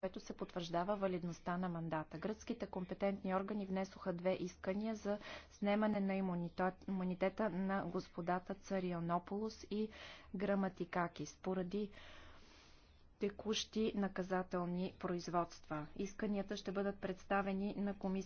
което се потвърждава валидността на мандата. Гръцките компетентни органи внесоха две искания за снемане на имунитета на господата Царионополос и Граматикакис поради текущи наказателни производства. Исканията ще бъдат представени на комисията